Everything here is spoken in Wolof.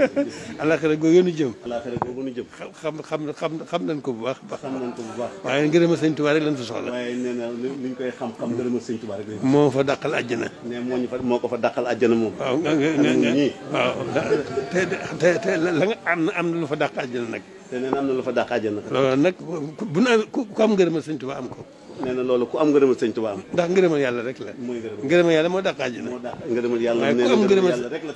alaxira googu nu jëm. alaxira googu nu jëm. xam xam xam xam nañ ko bu baax. xam nañ ko bu baax. waaye ngërëma sëñ Tuubaa rek lañ fa soxla. waaye nee na ni ñu koy xam xam ngërëma sëñ Tuubaa rek lañ moo fa dàqal àjjana. mais moo la nga am na am na lu fa dàq àjjana nag. na am na lu fa dàq àjjana. loolu nag bu na ku am ngërëma sëñ Tuubaa am ko. nee na loolu ku am ngërëmal sëñ Tuubaa am. ndax ngërëmal yàlla rek la. mooy ngërëmal yàlla moo dàq àjjana. moo dàq ngërëmal yàlla nee na ngërëmal yàlla